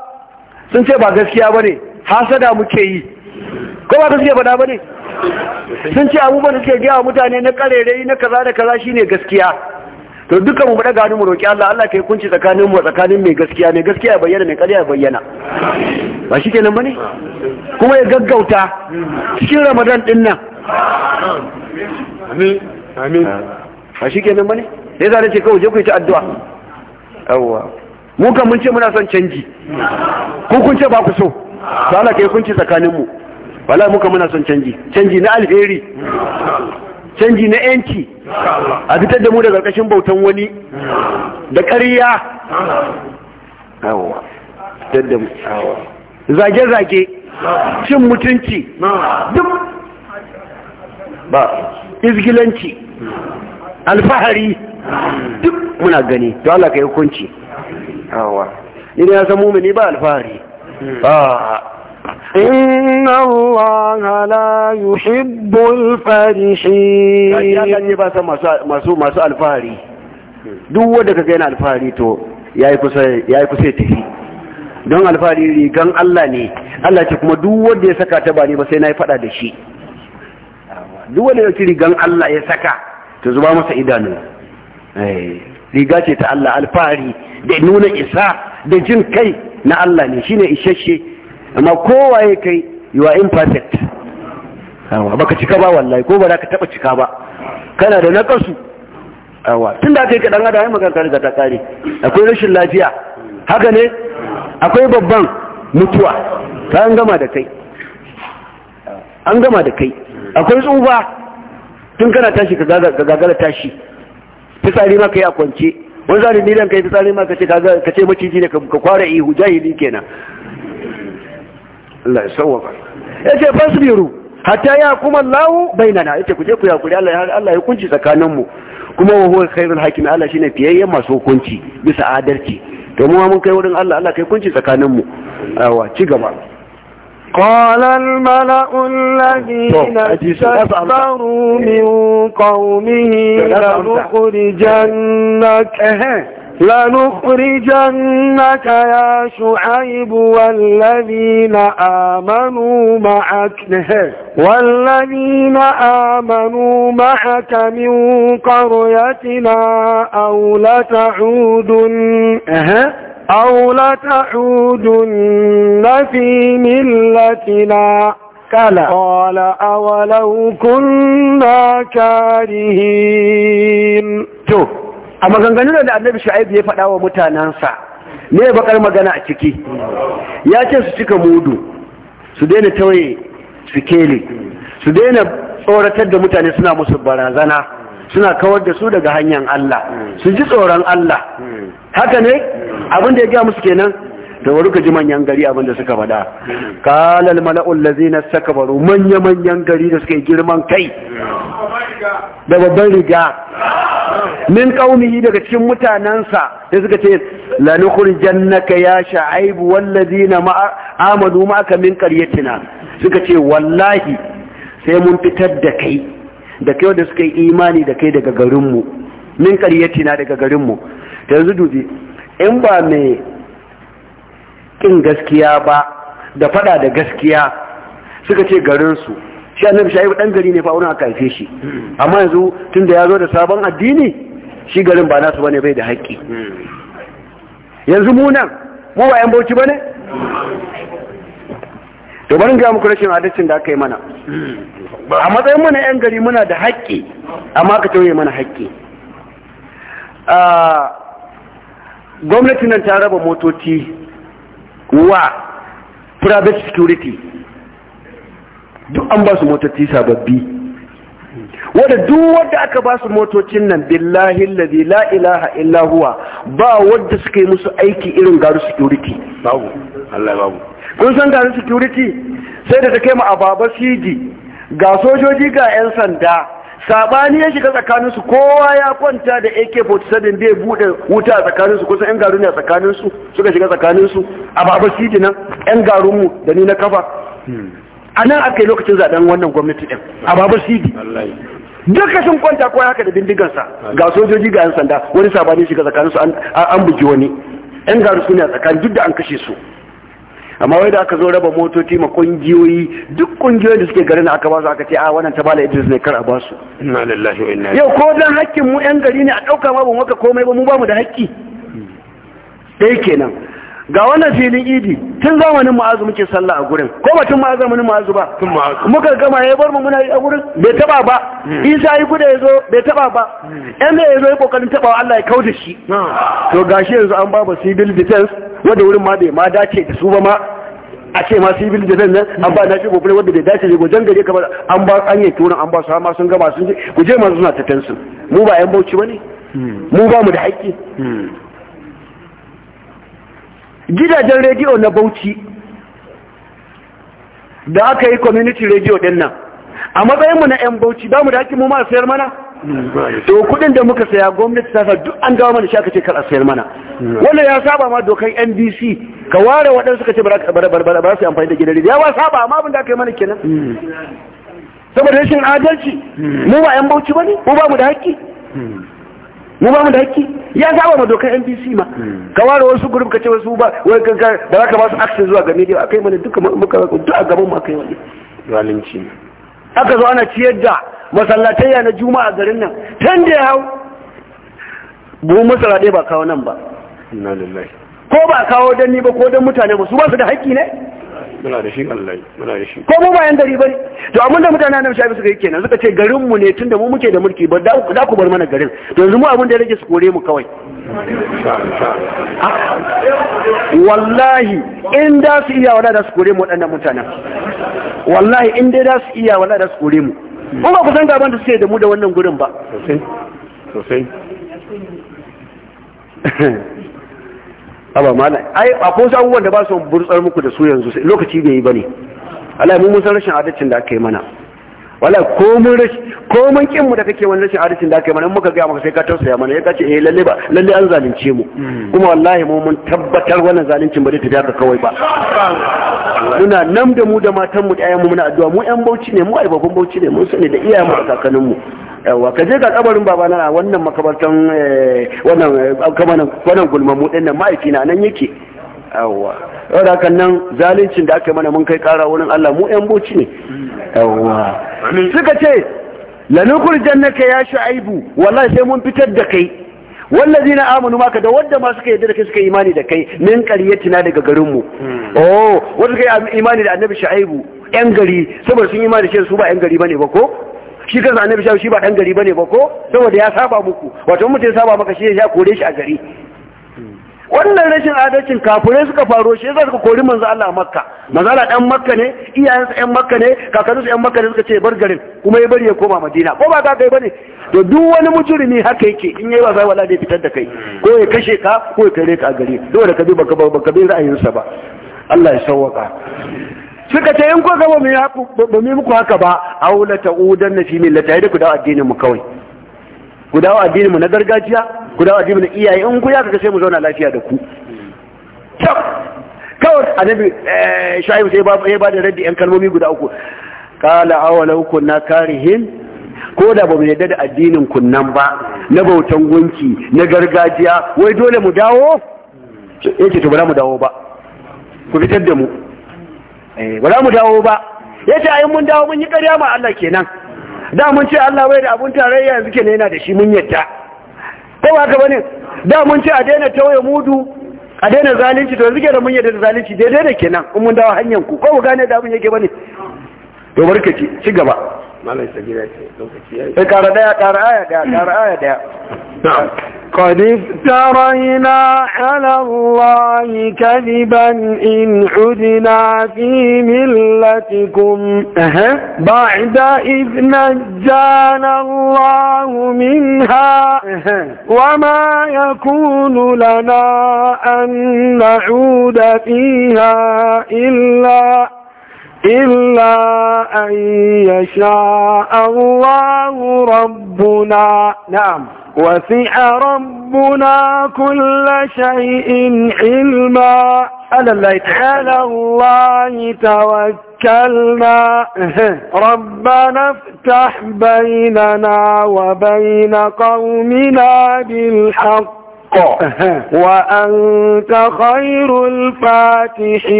sun ce ba gaskiya ba ne hasada muke yi ko ba gaskiya faɗa ba ne sun ce abubuwan da suke gaya mutane na karerai na kaza da kaza shine gaskiya to duka mu faɗa gani mu roƙi Allah Allah kai kunci tsakanin mu tsakanin mai gaskiya mai gaskiya ya bayyana mai ƙarya ya bayyana ba shi kenan ne? kuma ya gaggauta cikin Ramadan din nan amin amin ba shi kenan ne? sai zare ce kawai je ku yi ta addu'a yawwa mu kan mun ce muna son canji ku kun ce ba ku so to Allah kai kunci tsakanin mu wallahi mu kan muna son canji canji na alheri canji na yanci a fitar da mu daga ƙarƙashin bautan wani da ƙarya zage-zage cin mutunci duk ba izgilanci alfahari duk muna gani to Allah ka yi hukunci awa idan ya san mumini ba alfahari inna Allah la yuhibbul farishi ya ganye ba san masu masu alfahari duk wanda kaga yana alfahari to yayi kusa yayi kusa tafi don alfahari rigan Allah ne Allah ce kuma duk wanda ya saka ta ba ne ba sai nayi fada da shi duk wanda ya rigan Allah ya saka to zuba masa idanu eh, riga ce ta Allah alfahari da nuna isa da jin kai na Allah ne shine isasshe amma kowaye kai you are imperfect baka cika ba wallahi ko ba za ka taba cika ba kana da nakasu awa tun da kai ka dan adam magana ka riga ta kare akwai rashin lafiya haka ne akwai babban mutuwa ta an gama da kai an gama da kai akwai tsufa tun kana tashi ka gagara tashi fitsari ma kai a kwance wani zalin ni dan kai ta tsari ma ka ce ka ce maciji ne ka kwara ihu jahili kenan Allah ya sawwaka ce fasbiru hatta ya kuma lawo bainana ce ku je ku yakuri Allah Allah ya kunci tsakanin mu kuma wa huwa khairul hakim Allah shine fiyayyen masu hukunci bisa adalci to mu mun kai wurin Allah Allah kai kunci tsakanin mu awa ci gaba قال الملأ الذين استكبروا من قومه لنخرجن لنخرجنك لنخرجنك يا شعيب والذين آمنوا معك والذين آمنوا معك من قريتنا أو لتعودن أو لتعودن في ملتنا قال قال أولو كنا كارهين شوف a maganganun da annabi shu'aib ya faɗa wa mutanensa ne baƙar magana a ciki ya ce su cika mudu su daina tawaye su kele su daina tsoratar da mutane suna musu barazana suna kawar da su daga hanyar Allah su ji tsoron Allah haka ne abin da ya gaya musu kenan Da wani kaji ji manyan gari abin da suka faɗa mala'ul al mala'u allazina baro manya manyan gari da suka yi girman kai da babban riga min qaumihi daga cikin mutanansa da suka ce lanukur jannaka ya sha'ib wallazina Amadu ma'aka min karyatina suka ce wallahi sai mun fitar da kai da kai da suka yi imani da kai daga garinmu min karyatina daga garinmu Ta yanzu dubi in ba mai ƙin gaskiya ba da fada da gaskiya suka ce garinsu shi annabi shaibu ɗan gari ne fa wurin aka haife shi amma yanzu tun da ya zo da sabon addini shi garin ba nasu bane bai da haƙƙi yanzu mu mu ba yan bauchi bane to barin ga muku rashin adalcin da aka yi mana a matsayin mana yan gari muna da haƙƙi amma aka tauye mana haƙƙi ah, gwamnati nan ta raba motoci wa private security duk an ba su motoci sababbi wadda duk wadda aka ba su motocin nan billahi lalzi la ilaha illa huwa ba wadda suka yi musu aiki irin garu security babu Allah babu kun san garu security sai da ta kai ma ababa siji ga sojoji ga 'yan sanda sabani ya shiga tsakanin su kowa ya kwanta da AK47 bai bude wuta a tsakanin su kusan yan garu ne a tsakanin su suka shiga tsakanin su a baba sidi nan yan garunmu mu da ni na kafa a nan aka yi lokacin zaben wannan gwamnati din a baba sidi duka sun kwanta kowa haka da bindigansa ga sojoji ga yan sanda wani sabani shiga tsakanin su an buji wani yan garu su ne a tsakanin duk da an kashe su amma wai da aka zo raba motoci ma kungiyoyi duk kungiyoyin da suke garin aka ba su aka ce a wannan ta bala Idris ne kar a ba su inna lillahi wa inna yau ko dan hakkin mu yan gari ne a ɗauka ma ba maka komai ba mu ba mu da hakki dai kenan ga wannan filin idi tun zamanin ma'azu muke sallah a gurin ko ba tun zamanin ma'azu ba muka gama ya bar mu muna a gurin bai taba ba hmm. isa yi guda ya zo bai taba ba hmm. yan da ya zo ya kokarin taba Allah ya kauda shi hmm. to gashi yanzu an ba ba civil defense wanda wurin ma bai ma dace da su ba ma a ce ma civil defense nan an ba na shi gobe wanda bai dace da gojan gare kamar an ba an yi turan an ba su ma sun gama sun je guje ma suna ta tansu mu ba yan bauchi bane mu ba mu da haƙƙi gidajen rediyo na bauchi da aka yi community radio din nan a matsayinmu na 'yan bauchi ba mu da haƙi mu ma sayar mana to kudin da muka saya gwamnati ta sa duk an dawo mana shi aka ce kar a sayar mana wannan ya saba ma dokan NBC ka ware waɗansu ka ce ba su amfani da gidan rediyo ya ba saba amma abin da aka yi mana kenan saboda rashin adalci hmm. mu ba 'yan bauchi ba ne mu ba mu da haƙi mu ba mu da haƙi ya saba ma dokar NBC ma hmm. ka ware wasu group ka ce wasu ba wai kanka ba za ka ba su aksin zuwa ga media akai mana duka muka duk a gaban mu akai wani zalunci aka zo ana ciyar da masallatayya na juma'a garin nan ten da hau buhun masara ɗaya ba kawo nan ba ko ba kawo danni ba ko dan mutane ba su ba su da haƙƙi ne ko mu bayan gari bane to abin da mutanen nan shafi suka yi kenan suka ce garin mu ne tunda mu muke da mulki ba da ku bar mana garin to yanzu mu abin da rage su kore mu kawai wallahi in da su iya wada da su kore mu waɗannan mutanen wallahi in dai da su iya wada da su kore mu ko ba ku san gaban da suke da mu da wannan gurin ba sosai sosai aba malam ai akwai wasu abubuwan da ba su burtsar muku da su yanzu lokaci bai yi bane wallahi mun san rashin adalcin da aka yi mana wallahi ko mun rashi ko mun kin mu da kake wani rashin adalcin da aka yi mana in muka ga maka sai ka tausaya mana ya kace eh lalle ba lalle an zalunce mu mm. kuma wallahi mu mun tabbatar wannan zaluncin ba zai tafi haka kawai ba muna nan da mu da matan mu da ayyan mu muna addu'a mu yan bauchi ne mu ai babban bauchi ne mun sani da iyayen mu da kakannin mu yawa ka je ga kabarin babana a wannan makabartan eh, wannan eh, kamanan wannan gulmamu din nan mai na nan yake yawa saboda kan nan zalincin da aka mana mun kai kara wurin Allah mu yan boci ne yawa suka ce lanukul jannaka ya shu'aibu wallahi sai mun fitar da kai wallazi na amanu maka da wadda ma suka yadda da kai suka imani da kai min qaryatina daga garinmu hmm. oh wanda kai imani da annabi shu'aibu yan gari saboda sun imani shi su ba yan gari bane ba ko shi kansa annabi shawo shi ba dan gari bane ba ko saboda ya saba muku wato mutum ya saba maka shi ya kore shi a gari wannan rashin adalcin kafirai suka faro shi yasa suka kori manzo Allah makka manzo Allah dan makka ne iyayensa yan makka ne kakanninsu yan makka ne suka ce bar garin kuma ya bari ya koma madina ko ba ka kai bane to duk wani mujrimi haka yake in yayi wasa wala ya fitar da kai ko ya kashe ka ko ya kare ka a gari dole ka bi baka baka bi ra'ayinsa ba Allah ya sauwaka suka ce in ko ga ba mu haku ba mu muku haka ba aula udan na fi millata da ku dawo addinin mu kawai ku dawo addinin mu na gargajiya ku dawo addinin na iyaye in ku ya kaga sai mu zauna lafiya da ku kawai annabi eh, sha'ibu sai ba ba da raddi yan kalmomi guda uku qala awalau kunna karihin ko da ba mu yadda da addinin kunnan ba na bautan gunki na gargajiya wai dole mu dawo yake to ba mu dawo ba ku fitar da mu Eh, ba za mu dawo ba ya ce ayin mun dawo mun yi karya ma Allah kenan da mun ce Allah bai da abun tarayya yanzu kenan yana da shi mun yadda ko ba ka bane da mun ce a daina tawaye mudu a daina zalunci to yanzu da mun yadda da zalunci daidai da kenan in mun dawo hanyar ku ko ku gane da abun yake bane to barkaci ci gaba قد افترينا على الله كذبا إن عدنا في ملتكم أه. بعد إذ نجانا الله منها أه. وما يكون لنا أن نعود فيها إلا إلا أن يشاء الله ربنا نعم وسع ربنا كل شيء علما على الله على الله توكلنا ربنا افتح بيننا وبين قومنا بالحق kọ̀. Wà án khairul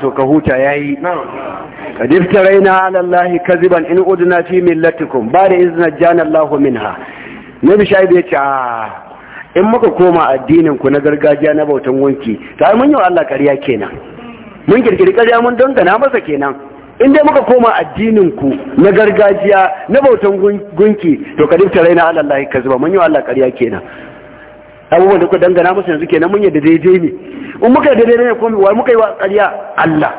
to ka huta yayi. Ka diftara ina alallahi kaziban in udna fi millatikum ba da izna jana Allahu minha. Nabi Shaibu ya ci, a in muka koma addininku na gargajiya na bautan wanki ta mun yi Allah kariya kenan. Mun kirkiri kariya mun dangana masa kenan. in dai muka koma addinin ku na gargajiya na bautan gunki to ka difta raina ala Allah ka zuba mun yi Allah ƙarya kenan abubuwan da ku dangana musu yanzu kenan mun yadda daidai ne in muka yadda daidai ne ko wa muka yi wa ƙarya Allah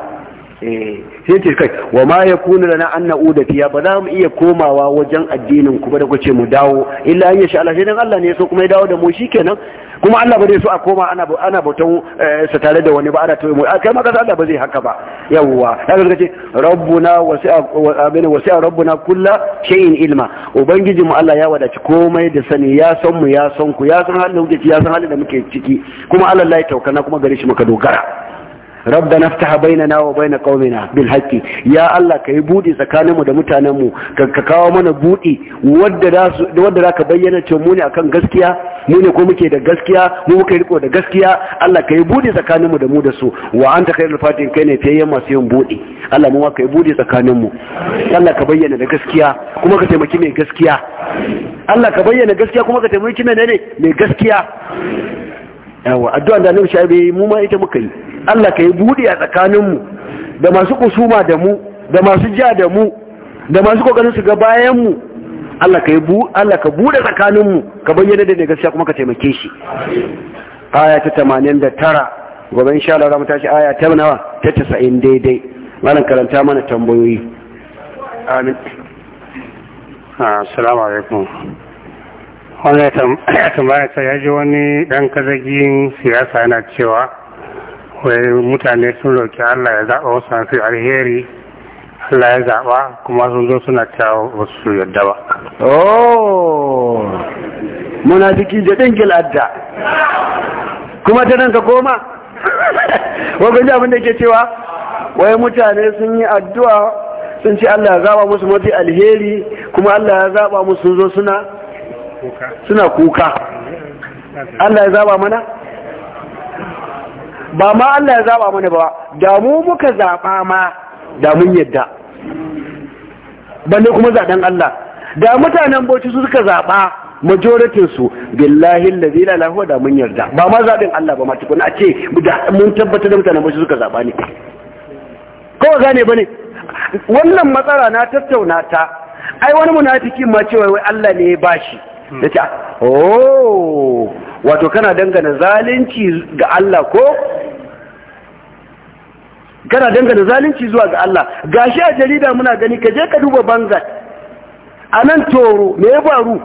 eh, sai ce kai wa ma ya kuna lana an na'uda fiya ba za mu iya komawa wajen addinin ku ba da ku ce mu dawo illa an yasha Allah sai dan Allah ne ya so kuma ya dawo da mu shikenan kuma Allah ba zai so a koma ana ana bautan eh, sa tare da wani ba ana toye mu kai ma kasa Allah ba zai haka ba yawwa haka kace rabbuna wasi'a abin wasi'a rabbuna kulla shay'in ilma ubangiji mu Allah ya wadaci komai da sani ya san mu ya san ku ya san halin da muke ya da muke ciki kuma Allah ya taukana kuma gare shi muka dogara fita ftaha na wa bain qaumina bil haqqi ya Allah ka yi budi tsakaninmu da mutanenmu ka kawo mana budi wanda za wanda ka bayyana cewa mu ne akan gaskiya mu ne ko muke da gaskiya mu muke riko da gaskiya Allah ka yi budi tsakaninmu da mu da su wa anta khairul fatin kai ne fiye masu yin budi Allah mu ka yi budi tsakaninmu Allah ka bayyana da gaskiya kuma ka taimaki mai gaskiya Allah ka bayyana gaskiya kuma ka taimaki mai ne mai gaskiya yawa addu'a da Annabi Shaibi mu ma ita muka yi Allah ka yi buɗe a tsakaninmu da masu kusuma da mu da masu ja da mu da masu kokarin su ga bayanmu Allah ka yi bu Allah ka buɗe tsakaninmu ka bayyana da gaskiya kuma ka taimake shi aya ta 89 gobe insha Allah mu tashi aya ta nawa ta 90 daidai malam karanta mana tambayoyi amin ah, assalamu alaikum wannan tambaya ta yaji wani dan kazagin siyasa yana cewa wai mutane sun roƙi Allah ya zaɓa wasu masu alheri Allah ya zaɓa kuma sun zo suna cewa wasu yadda ba. Oh, munafiki da ɗin adda. Kuma ta nan ka koma? Wakon abin da ke cewa, wai mutane sun yi addu'a sun ce Allah ya zaɓa musu mafi alheri kuma Allah ya zaɓa musu sun zo Suna kuka. Allah ya zaɓa mana? ba ma Allah ya zaba mana ba da mu muka zaba ma da mun yadda balle kuma zaɗan Allah da mutanen Bauchi su suka zaba majoritin su billahi allazi la ilaha illa mun yarda ba ma zaben Allah ba ma tukun a ce mun tabbatar da mutanen Bauchi suka zaba ne kawai gane bane wannan matsala na tattauna ta ai wani munafiki ma cewa wai Allah ne ya bashi da oh wato kana dangana zalunci ga Allah ko kana da zalunci zuwa ga Allah gashi a jarida muna gani ka je ka duba banza a nan toro me ya faru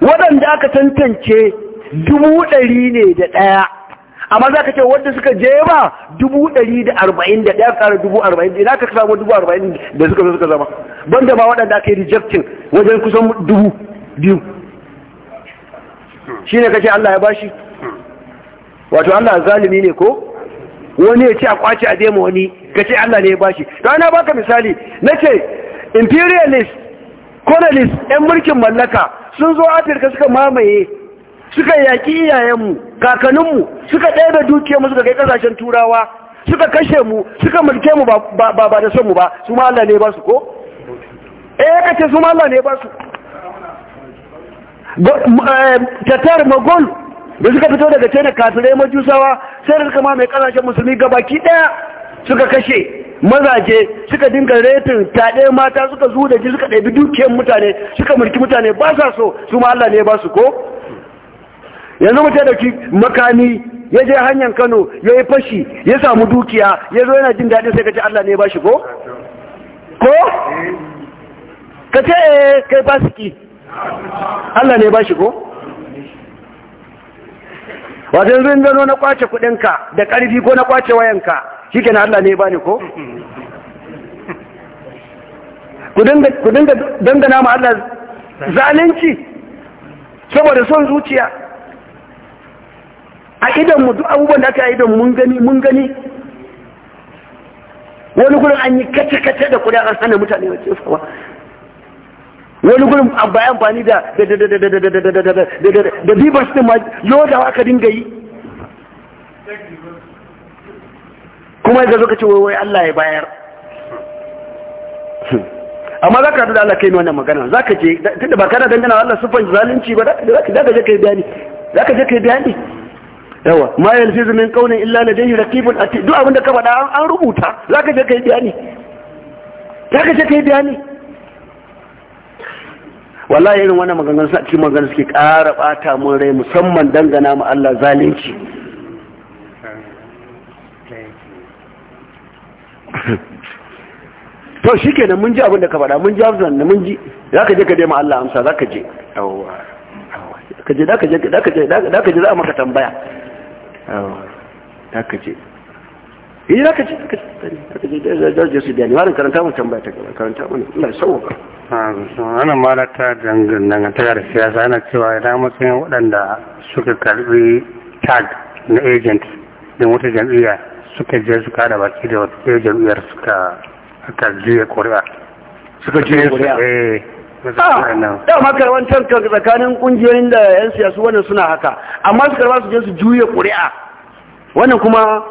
waɗanda aka tantance dubu ɗari ne da ɗaya amma za ka ce wanda suka je ba dubu ɗari da arba'in da ɗaya ƙara dubu arba'in da ka samu dubu arba'in da suka zo suka zama banda ma waɗanda aka yi rejectin wajen kusan dubu biyu shi ne kace Allah ya bashi wato Allah zalimi ne ko wani ya ce a kwace a dema wani ga ce Allah ne ya bashi da ana baka misali na ce imperialist colonist yan mulkin mallaka sun zo afirka suka mamaye suka yaƙi iyayenmu kakanninmu suka ɗaya da mu suka kai ƙasashen turawa suka kashe mu suka mulke mu ba ba da son mu ba su ma Allah ne ba su ko eh kace su ma Allah ne ba su eh, tatar magol da suka fito daga china kafirai majusawa sai da suka mai kasashen musulmi gabaki daya suka kashe mazaje suka dinga retin taɗe mata suka zuwa da ji suka ɗabi dukiyar mutane suka mulki mutane ba sa so su ma Allah ne ba su ko yanzu mutane da makami ya je hanyar Kano ya yi fashi ya samu dukiya ya zo yana jin daɗin sai ka ce Allah ne ba shi ko ko ka ce eh, kai fasiki Allah ne ba shi ko wato yanzu in gano na kwace kudinka da karfi ko na kwace wayanka shi ke na Allah ne ba ni ko ku dinga dangana ma Allah zalunci saboda son zuciya a idan mu duk abubuwan da aka yi idan mun gani mun gani wani gudun an yi kace-kace da kudin an hana mutane wace sawa wani gurin ba amfani da da bibas din ma da aka dinga yi kuma zaka ce wai wai Allah ya bayar amma za ka da Allah kai wannan magana za ka ce tunda ba kana dangana Allah sufan zalunci ba za ka je yi bayani za ka je yi bayani yawa ma yalfizu min kaunin illa ladayhi rakibun a duk abinda ka faɗa an rubuta za ka je bayani za ka je kai bayani wallahi irin wannan maganganu suna cikin maganganu suke ƙara ɓata mun rai musamman dangana ma Allah zalunci to shikenan mun ji abin da ka faɗa mun ji abin da mun ji za ka je ka daima Allah amsa za ka je ka je za ka je za a maka tambaya za ka je yi za ka je za ka je su biya ne warin karanta mun tambaya ta gaba karanta mun Allah ya sauwaka ana mara ta dangantaka da siyasa ana cewa idan matsayin waɗanda suka karbi tag na agent da wata jam'iyya suka je suka da baki da wata jam'iyyar suka aka juya kuri'a suka juya kuri'a eh, ah, da kan tsakanin kungiyoyin da 'yan siyasu wannan suna haka amma su karba su je su juya kuri'a, wannan kuma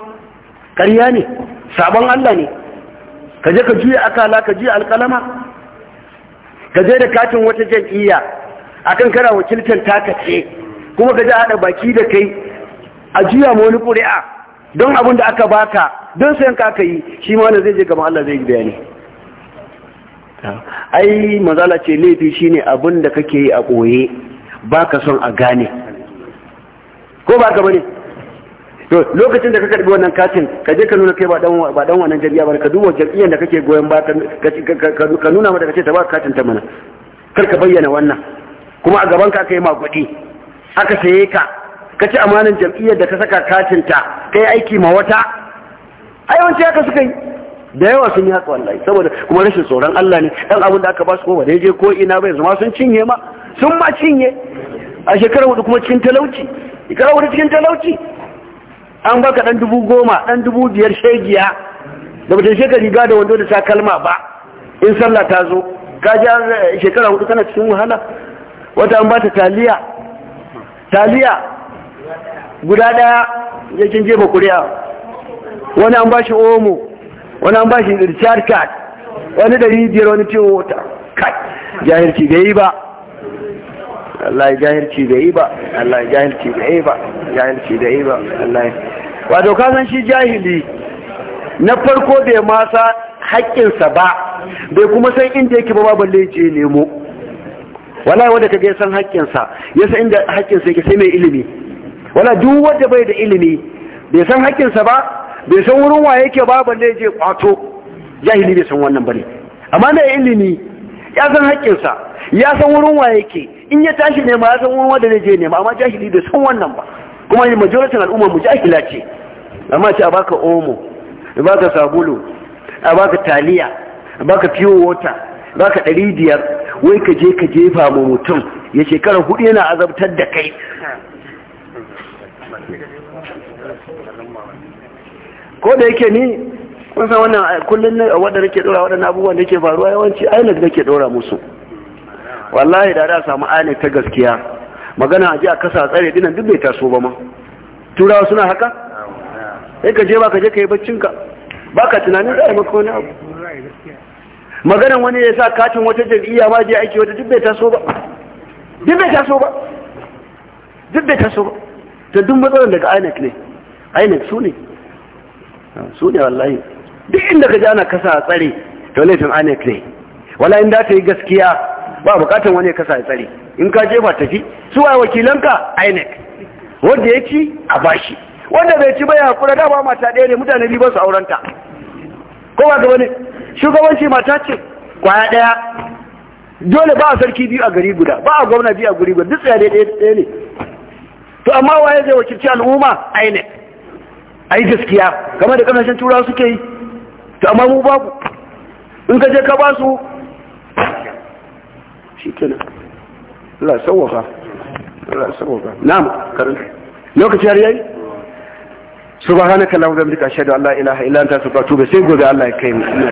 ƙarya ne sabon Allah ne ka je ka juya akala ka juya alƙalama ka je da katin wata jam'iyya kan kana wakiltar taka ce kuma ka je haɗa baki da kai a juya ma wani ƙuri'a don abin da aka baka don sayan ka aka yi shi ma wanda zai je gama Allah zai yi bayani ai mazala ce laifi shine abin da kake yi a ɓoye baka son a gane ko ba ka bane to lokacin da ka karbi wannan katin ka je ka nuna kai ba dan ba dan wannan jami'a ba ka duba jami'an da kake goyon ba ka nuna mata kace ta ba katin ta mana kar ka bayyana wannan kuma a gaban ka kai magudi aka saye ka kace amanan jam'iyyar da ka saka katin ta kai aiki ma wata ai wance haka suka yi da yawa sun yi haka wallahi saboda kuma rashin tsoron Allah ne dan abin da aka ba su ko ba je ko ina bai zama sun cinye ma sun ma cinye a shekarar hudu kuma cikin talauci shekarar hudu cikin talauci an baka ɗan dubu goma ɗan dubu biyar shegiya da bata sheka riga da wando da ta kalma ba in sallah ta zo ka an eh, shekara hudu tana cikin wahala wata an bata taliya taliya guda ɗaya ya kin jefa kuri'a wani an bashi omo wani an bashi richard card wani ɗari biyar wani ciwo wata kai jahilci bai yi ba Allah ya jahilci da yi ba Allah ya jahilci da yi ba jahilci da yi ba Allah ya wato kasan shi jahili na farko bai masa haƙƙinsa ba bai kuma san inda yake ba balle je nemo wala wanda kaga ya san haƙƙinsa ya san inda haƙƙinsa yake sai mai ilimi wala duk wanda bai da ilimi bai san haƙƙinsa ba bai san wurin wa yake ba balle je kwato jahili bai san wannan bane amma da ilimi ya san haƙƙinsa ya san wurin wa yake in ya tashi nema ya san wurin wa da zai je nema amma jahili su san wannan ba kuma ne majoritin al'ummar mu jahila ce amma ce a baka omo a baka sabulu a baka taliya a baka pure water a baka ɗari biyar wai ka je ka jefa ma mutum ya shekara hudu yana azabtar da kai ko da yake ni kun san wannan kullum wanda nake dora wannan abubuwan da ke faruwa yawanci INEC nake dora musu wallahi da da samu INEC ta gaskiya magana a ji a kasa tsare dinan duk bai taso ba ma turawa suna haka sai ka je ba ka je ka yi ka ba ka tunanin za a maka wani abu maganan wani ya sa katin wata jam'iyya ma je aiki wata duk bai taso ba duk bai taso ba duk bai taso ba ta duk matsalar daga INEC ne INEC su ne su ne wallahi duk inda ka ji ana kasa a tsare to laifin anek ne wala in da ta yi gaskiya ba bukatan wani kasa a tsare in ka jefa tafi su a wakilanka inec wanda ya ci a bashi wanda bai ci kura da ba mata ɗaya ne mutane biyu ba su aurenta ko ba gaba ne shugabanci mata ce kwaya ɗaya dole ba a sarki biyu a gari guda ba a gwamna biyu a guri guda duk tsaye ɗaya ne to amma waye zai wakilci al'umma inec ai gaskiya kamar da shan turawa suke yi amma mu babu in ka je ka ba su shi kenan la sawaka la sawaka na'am karin lokaci har yayi subhanaka allahumma wa bihamdika ashhadu an la ilaha illa anta astaghfiruka wa atubu ilayk sai gobe Allah ya kai mu